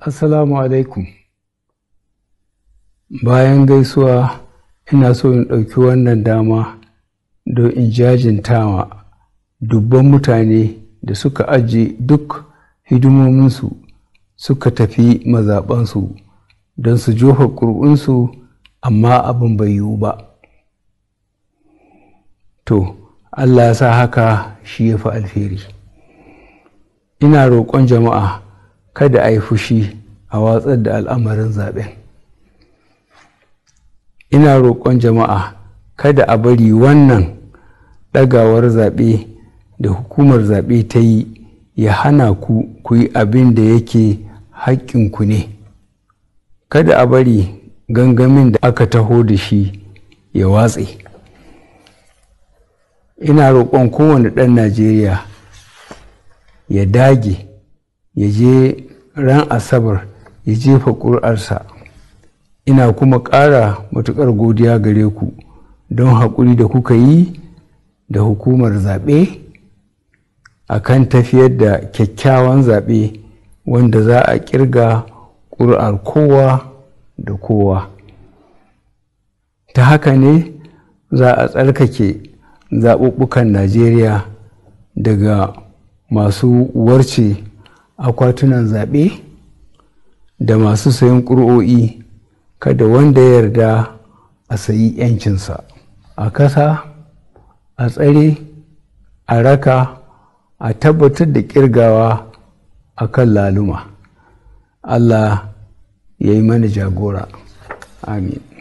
Assalamu alaikum. Bayan gaisuwa ina so in ɗauki wannan dama don in jajintawa dubban mutane da suka aji duk hidimominsu suka tafi mazaɓansu don su jofa ƙuri'unsu amma abin bai yiwu ba. To, Allah ya sa haka shi ya fi alheri. Ina roƙon jama'a. kada a yi fushi a watsar da al'amarin zaɓen ina roƙon jama'a kada a bari wannan ɗagawar zaɓe da hukumar zaɓe ta yi ya hana ku ku yi abin da yake haƙƙinku ne kada a bari gangamin da aka taho da shi ya watse ina roƙon kowane ɗan najeriya ya dage ya je ran asabar ya jefa ƙuri'arsa ina kuma ƙara matuƙar godiya gare ku don haƙuri da kuka yi da hukumar zaɓe a kan tafiyar da kyakkyawan zaɓe wanda za a ƙirga ƙuri'ar kowa da kowa ta haka ne za a tsarkake zaɓuɓɓukan najeriya daga masu warce akwatunan zaɓe da masu sayan ƙuri'o'i kada wanda ya yarda a sayi 'yancinsa a ƙasa, a tsare a raka a tabbatar da ƙirgawa a kan laluma allah ya yi mana jagora amin